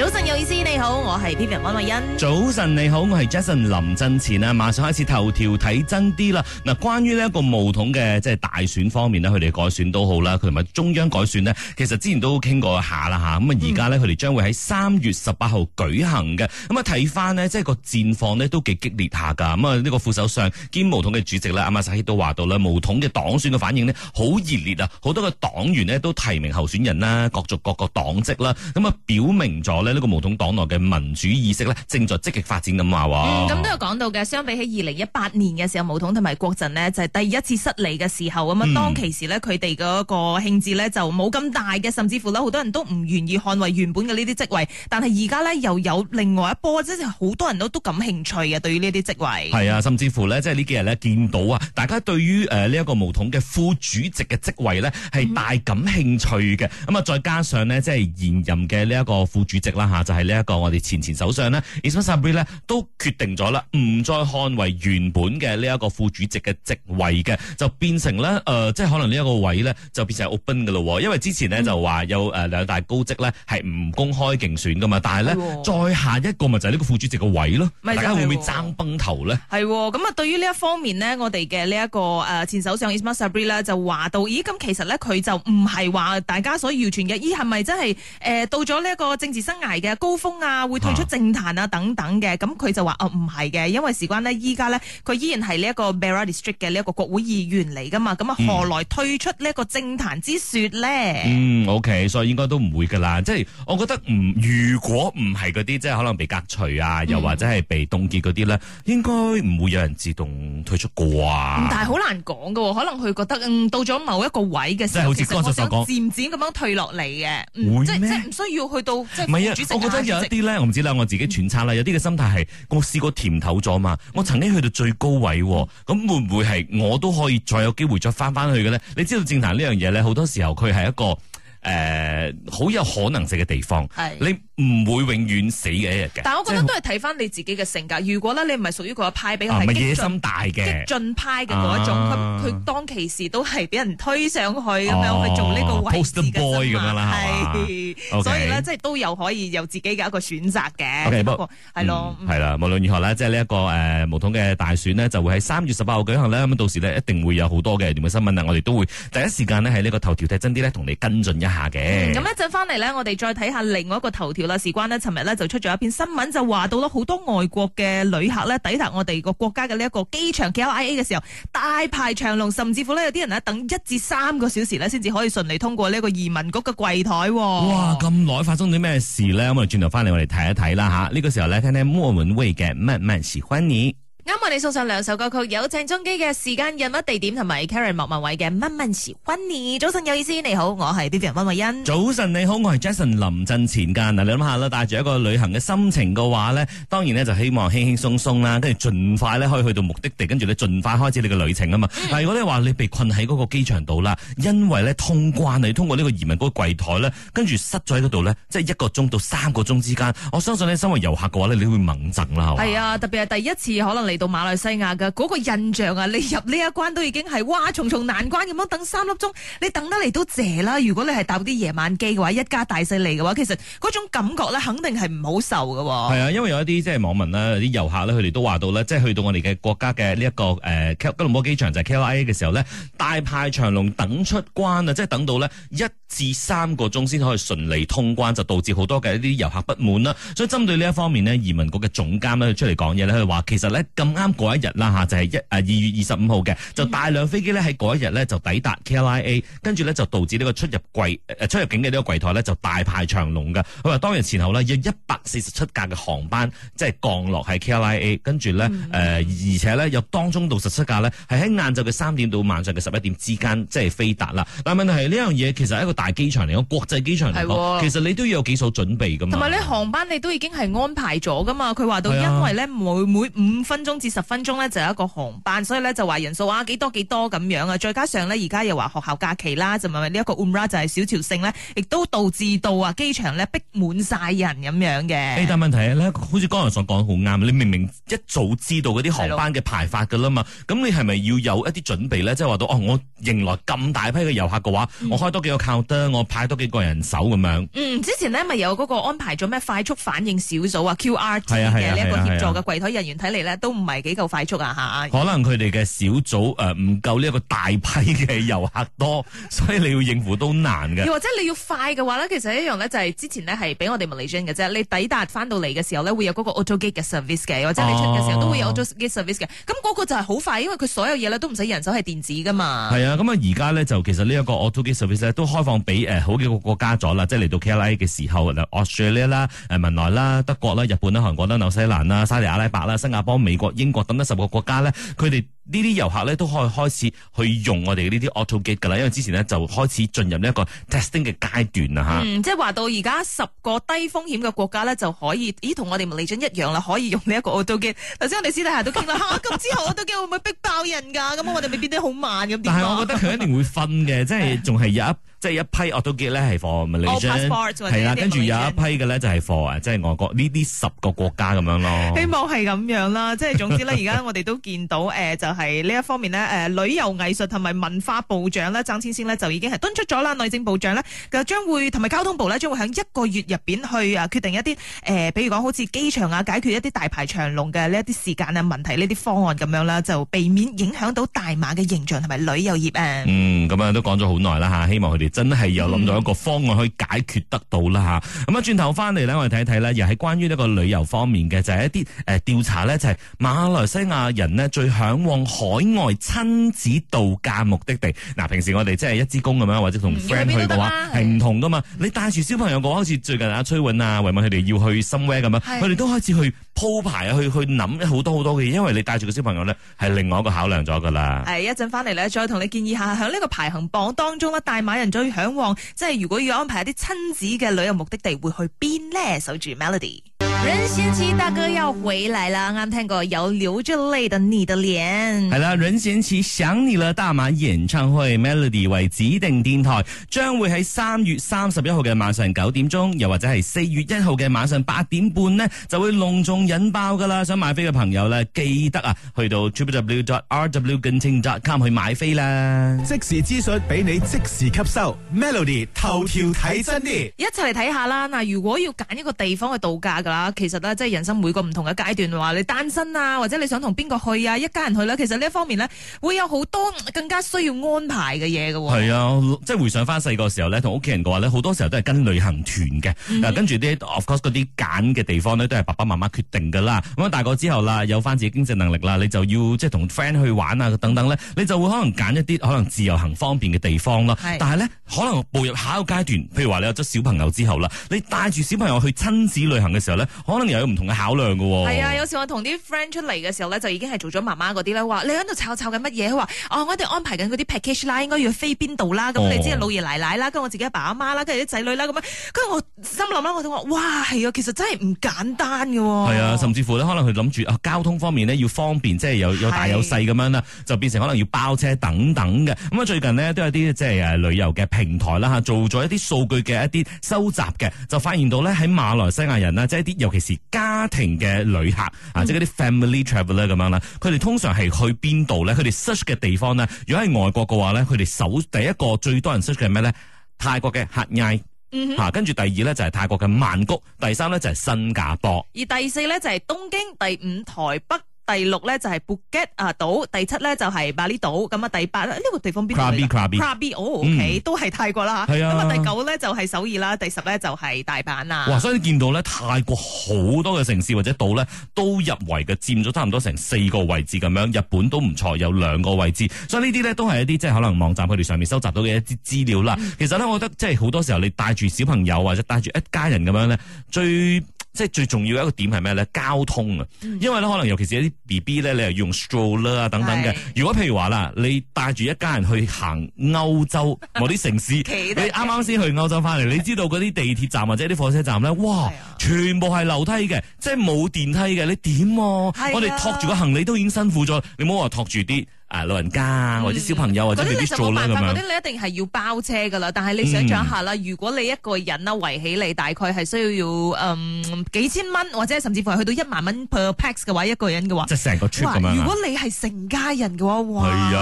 早晨有意思，你好，我係 Pierre 溫慧欣。早晨你好，我係 Jason 林振前啊！馬上開始頭條睇真啲啦。嗱，關於呢一個巫統嘅即係大選方面呢，佢哋改選都好啦，佢同埋中央改選呢，其實之前都傾過一下啦吓。咁啊，而家呢，佢哋將會喺三月十八號舉行嘅。咁啊，睇翻呢，即係個戰況呢，都幾激烈下噶。咁啊，呢個副首相兼巫統嘅主席咧，阿馬薩希都話到啦，巫統嘅黨選嘅反應呢，好熱烈啊，好多個黨員呢，都提名候選人啦，各族各個黨職啦，咁啊表明咗呢。呢個巫統黨內嘅民主意識咧，正在積極發展咁啊！哇，咁都、嗯、有講到嘅。相比起二零一八年嘅時候，巫統同埋國陣呢就係第一次失利嘅時候咁啊。嗯、當其時呢，佢哋嘅一個興致呢就冇咁大嘅，甚至乎呢，好多人都唔願意捍衞原本嘅呢啲職位。但係而家呢，又有另外一波，即係好多人都都感興趣嘅，對於呢啲職位。係啊，甚至乎呢，即係呢幾日呢，見到啊，大家對於誒呢一個巫統嘅副主席嘅職位呢係大感興趣嘅。咁啊、嗯，再加上呢，即係現任嘅呢一個副主席。啦就係呢一個我哋前前首相呢 Ismail Sabri 咧都決定咗啦，唔再捍衞原本嘅呢一個副主席嘅職位嘅，就變成咧誒、呃，即係可能呢一個位咧就變成 open 嘅咯，因為之前咧就話有誒兩大高職咧係唔公開競選噶嘛，但係咧的再下一個咪就係呢個副主席嘅位咯，的大家會唔會爭崩頭咧？係咁啊！對於呢一方面呢，我哋嘅呢一個誒前首相 Ismail Sabri 咧就話到：咦，咁其實咧佢就唔係話大家所謠傳嘅，咦係咪真係誒到咗呢一個政治生涯？挨嘅高峰啊，會退出政壇啊等等嘅，咁佢、啊、就話唔係嘅，因為事關呢，依家呢，佢依然係呢一個 Borough District 嘅呢一個國會議員嚟噶嘛，咁啊、嗯、何來退出呢一個政壇之說呢嗯，OK，所以應該都唔會噶啦，即係我覺得唔如果唔係嗰啲即係可能被隔除啊，嗯、又或者係被凍結嗰啲咧，應該唔會有人自動退出啩、啊嗯。但係好難講噶，可能佢覺得、嗯、到咗某一個位嘅，時候，好似剛才所講，漸漸咁樣退落嚟嘅，會嗎即係即唔需要去到啊、我覺得有一啲咧，啊、我唔知啦，我自己揣測啦。嗯、有啲嘅心態係，我試過甜頭咗嘛，我曾經去到最高位，咁、嗯、會唔會係我都可以再有機會再翻翻去嘅咧？你知道政壇呢樣嘢咧，好多時候佢係一個，誒，好有可能性嘅地方，你唔會永遠死嘅一日嘅。但我覺得都係睇翻你自己嘅性格。如果咧你唔係屬於嗰個派，比較野心大嘅，激進派嘅嗰一種，佢當其時都係俾人推上去咁樣去做呢個位置，Poster Boy 咁樣啦。係，所以咧即係都有可以有自己嘅一個選擇嘅。不過係咯，係啦，無論如何咧，即係呢一個誒，無統嘅大選咧，就會喺三月十八號舉行啦。咁到時咧一定會有好多嘅熱門新聞啊，我哋都會第一時間咧喺呢個頭條踢真啲咧，同你跟進一。下嘅，咁一陣翻嚟咧，我哋再睇下另外一個頭條啦。事關呢，尋日咧就出咗一篇新聞，就話到咗好多外國嘅旅客咧抵達我哋個國家嘅呢一個機場 KIA 嘅 時候，大排長龍，甚至乎呢有啲人呢等一至三個小時呢先至可以順利通過呢個移民局嘅櫃台。哇，咁耐發生啲咩事咧？咁我哋轉頭翻嚟，我哋睇一睇啦吓。呢個時候咧，聽聽莫文蔚嘅《慢慢喜歡你》。今日你送上兩首歌曲，有鄭中基嘅《時間、人物、地點》同埋 Karen 莫文蔚嘅《蚊蚊詞 unny》。早晨，有意思，你好，我係 B B 人溫慧欣。早晨，你好，我係 Jason 林振前間。噶你諗下啦，帶住一個旅行嘅心情嘅話咧，當然咧就希望輕輕鬆鬆啦，跟住盡快咧可以去到目的地，跟住咧盡快開始你嘅旅程啊嘛。但、嗯、如果你話你被困喺嗰個機場度啦，因為咧通關，你通過呢個移民嗰個櫃台咧，跟住塞咗喺嗰度咧，即係一個鐘到三個鐘之間，我相信咧身為遊客嘅話呢，你會矇陣啦，係係啊，特別係第一次，可能你。到馬來西亞噶嗰個印象啊！你入呢一關都已經係哇重重難關咁樣等三粒鐘，你等得嚟都謝啦。如果你係搭啲夜晚機嘅話，一家大細嚟嘅話，其實嗰種感覺咧，肯定係唔好受嘅。係啊，因為有一啲即係網民啦，啲遊客咧，佢哋都話到咧，即係去到我哋嘅國家嘅呢一個誒吉隆坡機場就係 KLIA 嘅時候呢，大排長龍等出關啊，即係等到呢一至三個鐘先可以順利通關，就導致好多嘅一啲遊客不滿啦。所以針對呢一方面呢，移民局嘅總監咧出嚟講嘢咧，佢話其實呢。咁啱嗰一日啦吓，就係一二月二十五號嘅，就大量飛機咧喺嗰一日咧就抵達 KLIA，跟住咧就導致呢個出入櫃出入境嘅呢個櫃台咧就大排長龍㗎。佢話當日前後呢，有一百四十七架嘅航班即係降落喺 KLIA，跟住咧誒而且咧有當中到十七架咧係喺晏晝嘅三點到晚上嘅十一點之間即係飛達啦。但問題係呢樣嘢其實一個大機場嚟，個國際機場嚟講，嗯、其實你都要有幾所準備噶嘛。同埋呢航班你都已經係安排咗噶嘛，佢話到因為咧每、啊、每五分鐘，中至十分鐘咧就有一個航班，所以咧就話人數啊幾多幾多咁樣啊，再加上咧而家又話學校假期啦，就咪呢一個 u m r a 就係小朝聖咧，亦都導致到啊機場咧逼滿晒人咁樣嘅。但問題呢，好似剛才所講好啱，你明明一早知道嗰啲航班嘅排法噶啦嘛，咁的你係咪要有一啲準備咧？即係話到哦，我迎來咁大批嘅遊客嘅話，嗯、我開多幾個靠 o 我派多幾個人手咁樣。嗯，之前呢咪有嗰個安排咗咩快速反應小組啊，QR 嘅呢一個協助嘅櫃枱人員，睇嚟咧都。唔係幾夠快速啊？可能佢哋嘅小組誒唔夠呢一個大批嘅遊客多，所以你要應付都難嘅。又或者你要快嘅話咧，其實一樣咧就係、是、之前咧係俾我哋 Malaysia 嘅啫。你抵達翻到嚟嘅時候咧，會有嗰個 auto gate 嘅 service 嘅，或者你出嘅時候都會有 auto gate service 嘅。咁嗰、哦、個就係好快，因為佢所有嘢咧都唔使人手，係電子噶嘛。係啊，咁啊而家咧就其實呢一個 auto gate service 都開放俾誒好幾個國家咗啦，即係嚟到 KLIA 嘅時候，Australia 啦、誒文萊啦、德國啦、日本啦、韓國啦、紐西蘭啦、沙利阿拉伯啦、新加坡、美國、英國等等十個國家咧，佢哋呢啲遊客咧都可以開始去用我哋呢啲 autogate 噶啦，因為之前呢，就開始進入呢一個 testing 嘅階段啦吓，嗯，即係話到而家十個低風險嘅國家咧就可以，咦同我哋理俊一樣啦，可以用呢一個 autogate。頭先我哋私底下都傾啦，咁之後 autogate 會唔會逼爆人㗎？咁我哋咪變得好慢咁點？但係我覺得佢一定會瞓嘅， 即係仲係有一。即係一批我都記得係放 Malaysia 係啦，跟住有一批嘅咧就係放啊，即係外國呢啲十個國家咁樣咯。 希望係咁樣啦，即係總之咧，而家 我哋都見到誒、呃，就係、是、呢一方面咧誒、呃，旅遊藝術同埋文化部長咧曾先先呢，就已經係敦促咗啦。內政部長咧嘅將會同埋交通部咧將會喺一個月入邊去啊決定一啲誒、呃，比如講好似機場啊解決一啲大排長龍嘅呢一啲時間啊問題呢、啊、啲方案咁樣啦，就避免影響到大馬嘅形象同埋旅遊業啊。嗯，咁啊都講咗好耐啦嚇，希望佢哋，真係有諗到一個方案去解決得到啦，吓，咁啊轉頭翻嚟咧，我哋睇睇咧，又係關於呢個旅遊方面嘅，就係、是、一啲誒調查咧，就係、是、馬來西亞人呢最向往海外親子度假的目的地。嗱、啊，平時我哋即係一支公咁樣，或者同 friend 去嘅話，係唔同噶嘛。是你帶住小朋友嘅話，好似最近阿崔允啊、維文佢哋要去深 o 咁樣，佢哋是都開始去鋪排去去諗好多好多嘅嘢，因為你帶住小朋友咧，係另外一個考量咗噶啦。係一陣翻嚟咧，再同你建議下喺呢個排行榜當中大馬人最向往即係如果要安排一啲親子嘅旅遊目的地，會去邊咧？守住 Melody。任賢齊大哥要回來啦，啱聽過有「流着淚的你的臉」。好啦，任賢齊想你了大馬演唱會，Melody 為指定電台，將會喺三月三十一號嘅晚上九點鐘，又或者係四月一號嘅晚上八點半呢，就會隆重引爆噶啦。想買飛嘅朋友呢，記得啊，去到 www.rwgenting.com 去買飛啦。即時資訊俾你即時吸收，Melody 頭條睇真啲。一齊嚟睇下啦，嗱，如果要揀一個地方去度假噶啦。其實咧，即係人生每個唔同嘅階段，話你單身啊，或者你想同邊個去啊，一家人去啦。其實呢一方面咧，會有好多更加需要安排嘅嘢喎。係啊，即係回想翻細個時候咧，同屋企人嘅話咧，好多時候都係跟旅行團嘅。嗱，嗯，跟住啲 of course 嗰啲揀嘅地方咧，都係爸爸媽媽決定噶啦。咁樣大個之後啦，有翻自己經濟能力啦，你就要即係同 friend 去玩啊等等咧，你就會可能揀一啲可能自由行方便嘅地方咯。係。但係咧，可能步入下一個階段，譬如話你有咗小朋友之後啦，你帶住小朋友去親子旅行嘅時候咧，可能又有唔同嘅考量嘅喎、哦。係啊，有時我同啲 friend 出嚟嘅時候咧，就已經係做咗媽媽嗰啲啦，話你喺度湊湊緊乜嘢？佢話哦，我哋安排緊嗰啲 package 啦，應該要飛邊度啦。咁、哦嗯、你知啊，老爺奶奶啦，跟住我自己阿爸阿媽啦，跟住啲仔女啦，咁樣。跟住我心諗啦，我就話哇，係啊，其實真係唔簡單嘅、哦。係啊，甚至乎咧，可能佢諗住啊，交通方面呢，要方便，即係有有大有細咁樣啦，是就變成可能要包車等等嘅。咁、嗯、啊，最近呢，都有啲即係誒旅遊嘅平台啦嚇，做咗一啲數據嘅一啲收集嘅，就發現到咧喺馬來西亞人啦，即係啲尤其是家庭嘅旅客啊，即係啲 family travel 咧咁樣啦，佢哋通常係去邊度咧？佢哋 search 嘅地方咧，如果係外國嘅話咧，佢哋首第一個最多人 search 嘅係咩咧？泰國嘅合艾，吓、嗯哼，跟住、啊、第二咧就係、是、泰國嘅曼谷，第三咧就係、是、新加坡，而第四咧就係、是、東京，第五台北。第六咧就係布吉啊島，第七咧就係巴厘島，咁啊第八呢呢個地方邊度嚟？Krabby Krabby Krabby 哦，OK、嗯、都係泰國啦吓。咁啊的第九咧就係首爾啦，第十咧就係大阪啦。哇！所以見到咧泰國好多嘅城市或者島咧都入圍嘅，佔咗差唔多成四個位置咁樣。日本都唔錯，有兩個位置。所以呢啲咧都係一啲即係可能網站佢哋上面收集到嘅一啲資料啦。嗯、其實咧，我覺得即係好多時候你帶住小朋友或者帶住一家人咁樣咧最。即係最重要一個點係咩咧？交通啊，因為咧可能尤其是一啲 B B 咧，你係用 stroller 啊等等嘅。是如果譬如話啦，你帶住一家人去行歐洲某啲城市， 起你啱啱先去歐洲翻嚟，你知道嗰啲地鐵站的或者啲火車站咧，哇，的全部係樓梯嘅，即係冇電梯嘅，你點、啊？的我哋托住個行李都已經辛苦咗，你唔好話托住啲。啊啊，老人家或者小朋友，嗯、或者啲你就冇辦法，嗰啲樣你一定係要包車噶啦。但係你想象一下啦，嗯、如果你一個人啦圍起你，大概係需要要嗯幾千蚊，或者甚至乎去到一萬蚊 per pax 嘅話，一個人嘅話，即成個 trip 嘩如果你係成家人嘅話，哇，好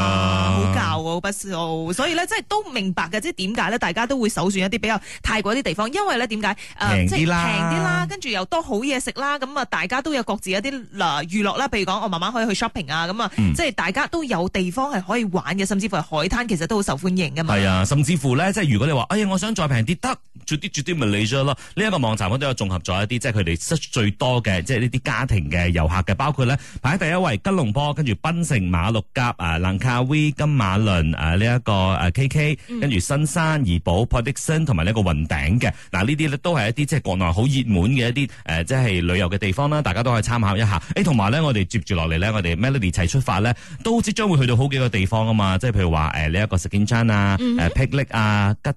教啊，好不素。所以呢，即係都明白嘅，即係點解呢？大家都會首選一啲比較泰國啲地方，因為咧、呃、點解即係平啲啦，跟住又多好嘢食啦。咁啊，大家都有各自一啲嗱娛樂啦，譬如講我媽媽可以去 shopping 啊，咁啊、嗯，即係大家都有。冇地方係可以玩嘅，甚至乎係海灘其實都好受歡迎嘅嘛。係啊，甚至乎咧，即係如果你話，哎呀，我想再平啲得。啲咪嚟咯！呢一個網站我都有綜合咗一啲，即係佢哋失最多嘅，即係呢啲家庭嘅遊客嘅，包括咧排喺第一位吉隆坡，跟住檳城馬六甲、啊蘭卡威、金馬崙啊呢一、這個啊 KK、嗯、跟住新山怡保、波德申同埋呢一個雲頂嘅。嗱、啊、呢啲咧都係一啲即係國內好熱門嘅一啲誒，即、呃、係、就是、旅遊嘅地方啦，大家都可以參考一下。誒同埋咧，我哋接住落嚟咧，我哋 Melody 一齊出發咧，都即將會去到好幾個地方啊嘛！即係譬如話誒呢一個食景餐啊、誒、嗯啊、霹靂啊吉。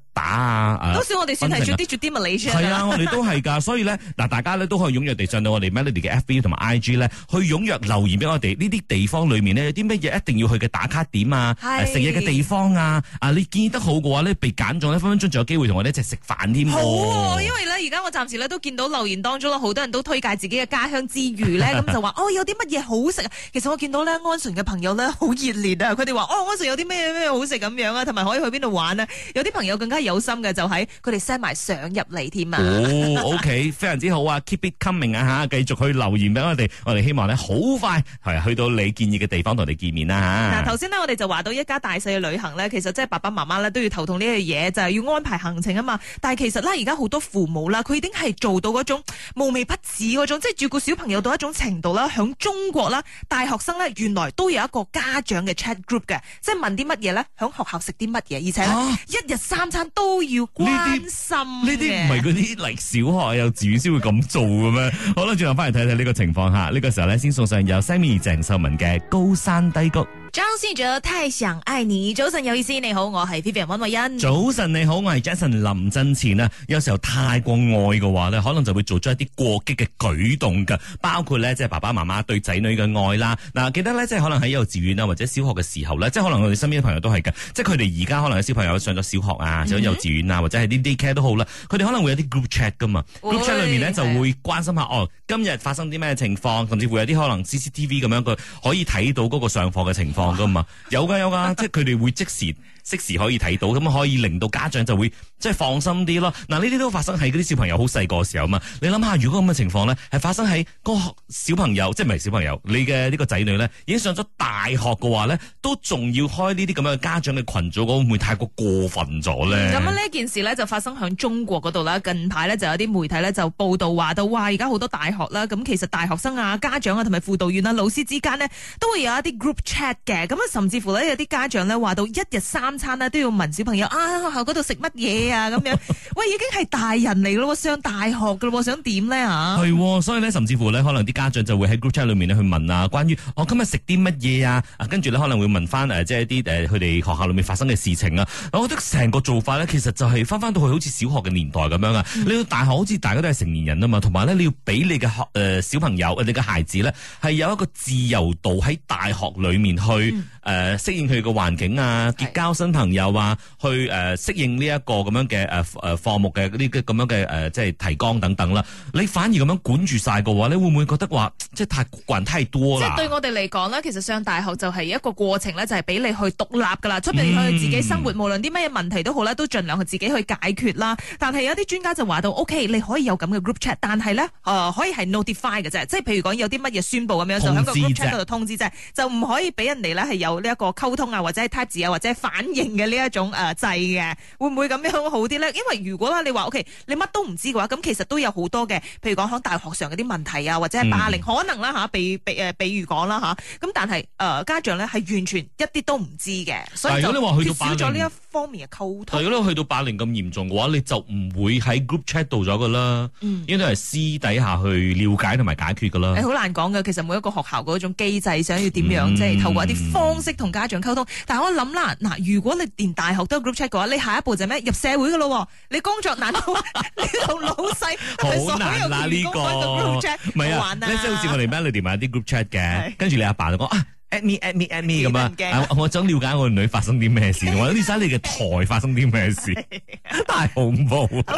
多少我哋算係做啲住啲物嚟啫。係啊，啊，我哋、啊、都係噶，所以咧嗱，大家都可以踴躍地上到我哋 Melody 嘅 FB 同埋 IG 咧，去踴躍留言俾我哋呢啲地方裏面咧有啲乜嘢一定要去嘅打卡點啊，食嘢嘅地方啊，啊你建議得好嘅話咧，被揀中咧分分鐘仲有機會同我哋一齊食飯添。好、啊，因為咧而家我暫時咧都見到留言當中好多人都推介自己嘅家鄉之餘咧，咁 就話哦有啲乜嘢好食啊。其實我見到咧安順嘅朋友咧、哦、好熱烈啊，佢哋話哦安順有啲咩咩好食咁樣啊，同埋可以去邊度玩啊。有啲朋友更加有有心嘅就喺佢哋 send 埋相入嚟添啊！哦，OK，非常之好啊！Keep it coming 啊吓，繼續去留言俾我哋，我哋希望咧好快係去到你建議嘅地方同你見面啦吓。嗱，頭先咧我哋就話到一家大細嘅旅行咧，其實即係爸爸媽媽咧都要頭痛呢樣嘢，就係要安排行程啊嘛。但係其實咧而家好多父母啦，佢已經係做到嗰種無微不至嗰種，即係照顧小朋友到一種程度啦。響中國啦，大學生咧原來都有一個家長嘅 chat group 嘅，即係問啲乜嘢咧，響學校食啲乜嘢，而且咧一日三餐。啊都要關心呢啲唔係嗰啲嚟小學、幼稚園先會咁做嘅咩？好啦，轉頭翻嚟睇睇呢個情況下，呢個時候咧先送上由 Sammy 鄭秀文嘅《高山低谷》。張信哲太想愛你，早晨有意思，你好，我係 Vivian 溫慧欣。早晨你好，我係 Jason 林振前啊。有時候太過愛嘅話呢，可能就會做出一啲過激嘅舉動噶，包括呢，即係爸爸媽媽對仔女嘅愛啦。嗱、啊，記得呢，即係可能喺幼稚園啊或者小學嘅時候呢，即係可能我哋身邊嘅朋友都係噶，即係佢哋而家可能嘅小朋友上咗小學啊，上咗幼稚園啊，嗯、或者係啲 day care 都好啦，佢哋可能會有啲 group chat 噶嘛、哎、，group chat 裏面呢，的就會關心一下哦，今日發生啲咩情況，甚至會有啲可能 C C T V 咁樣個可以睇到嗰個上課嘅情況。望噶、 哦、嘛，有噶有噶，即係佢哋會即時。即時可以睇到，咁可以令到家長就會即係、就是、放心啲咯。嗱，呢啲都發生喺嗰啲小朋友好細個嘅時候啊嘛。你諗下，如果咁嘅情況咧，係發生喺個小朋友，即係唔係小朋友，你嘅呢個仔女咧，已經上咗大學嘅話咧，都仲要開呢啲咁樣嘅家長嘅群組，會唔會太過過分咗咧？咁呢、嗯、件事咧就發生喺中國嗰度啦。近排咧就有啲媒體咧就報道話到，哇！而家好多大學啦，咁其實大學生啊、家長啊同埋輔導員啊、老師之間呢，都會有一啲 group chat 嘅。咁啊，甚至乎咧有啲家長咧話到一日三餐都要問小朋友啊，喺學校嗰度食乜嘢啊咁樣。喂，已經係大人嚟咯，上大學噶咯，想點咧吓？係、 哦，所以咧甚至乎咧，可能啲家長就會喺 group chat 裏面去問啊，關於我今日食啲乜嘢啊，跟住咧可能會問翻誒，即係一啲誒，佢哋學校裏面發生嘅事情啊。我覺得成個做法咧，其實就係翻翻到去好似小學嘅年代咁樣啊。你到大學好似大家都係成年人啊嘛，同埋咧你要俾你嘅誒小朋友你嘅孩子咧，係有一個自由度喺大學裏面去。嗯誒、呃，適應佢嘅環境啊，結交新朋友啊，是去誒、呃、適應呢一個咁樣嘅誒誒科目嘅呢啲咁樣嘅誒、呃、即係提綱等等啦。你反而咁樣管住晒嘅話，你會唔會覺得話即係太管太多啊？即係對我哋嚟講咧，其實上大學就係一個過程咧，就係俾你去獨立噶啦，出面去自己生活，嗯、無論啲乜嘢問題都好咧，都盡量去自己去解決啦。但係有啲專家就話到，OK，你可以有咁嘅 group chat，但係咧誒可以係 notify 嘅啫，即係譬如講有啲乜嘢宣布咁樣，就喺個 group chat 嗰度通知啫，就唔可以俾人哋咧係有。呢一個溝通啊，或者係 type 啊，或者反應嘅呢一種誒、呃、制嘅，會唔會咁樣好啲咧？因為如果咧你話 O K，你乜都唔知嘅話，咁其實都有好多嘅，譬如講響大學上嗰啲問題啊，或者係霸凌，嗯、可能啦、啊、吓，比比誒，比如講啦吓，咁、呃啊、但係誒、呃、家長咧係完全一啲都唔知嘅，所以就缺少呢一方面嘅溝通。如果咧去到霸凌咁嚴重嘅話，你就唔會喺 group chat 度咗噶啦，呢啲係私底下去了解同埋解決噶啦。誒、嗯，好難講嘅，其實每一個學校嗰種機制想要點樣，嗯、即係透過一啲方。識同家長溝通，但係我諗啦，嗱，如果你連大學都有 group chat 嘅話，你下一步就係咩？入社會噶咯，你工作難到同 老細、啊、好難啦呢個，唔係啊，即係好似、啊、我哋 Melody 有啲 group chat 嘅，跟住是你阿爸就講啊。at me at me at me 咁啊、嗯樣！我想了解我女發生啲咩事，或 我呢間你嘅台發生啲咩事， 太恐怖啦！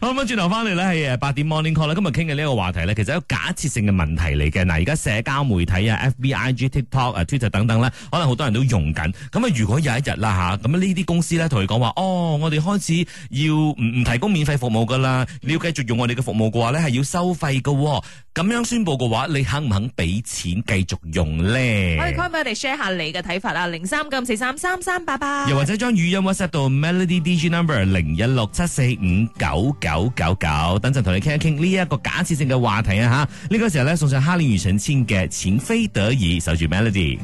好唔、哦、好？轉頭翻嚟咧，係八點 morning call 啦。今日傾嘅呢個話題咧，其實有假設性嘅問題嚟嘅。嗱，而家社交媒體啊，FB、B, IG、TikTok、Twitter 等等咧，可能好多人都用緊。咁啊，如果有一日啦吓，咁呢啲公司咧同佢講話，哦，我哋開始要唔唔提供免費服務噶啦，你要繼續用我哋嘅服務嘅話咧，係要收費噶、哦。咁樣宣布嘅話，你肯唔肯俾錢繼續？用咧，可以開唔開我哋 share 下你嘅睇法啊？零三九四三三三八八，又或者將語音 WhatsApp 到 Melody D G Number、no. 零一六七四五九九九九，等陣同你傾一傾呢一個假設性嘅話題啊！吓，呢個時候咧送上哈林庾澄慶嘅《情非得已守，守住 Melody。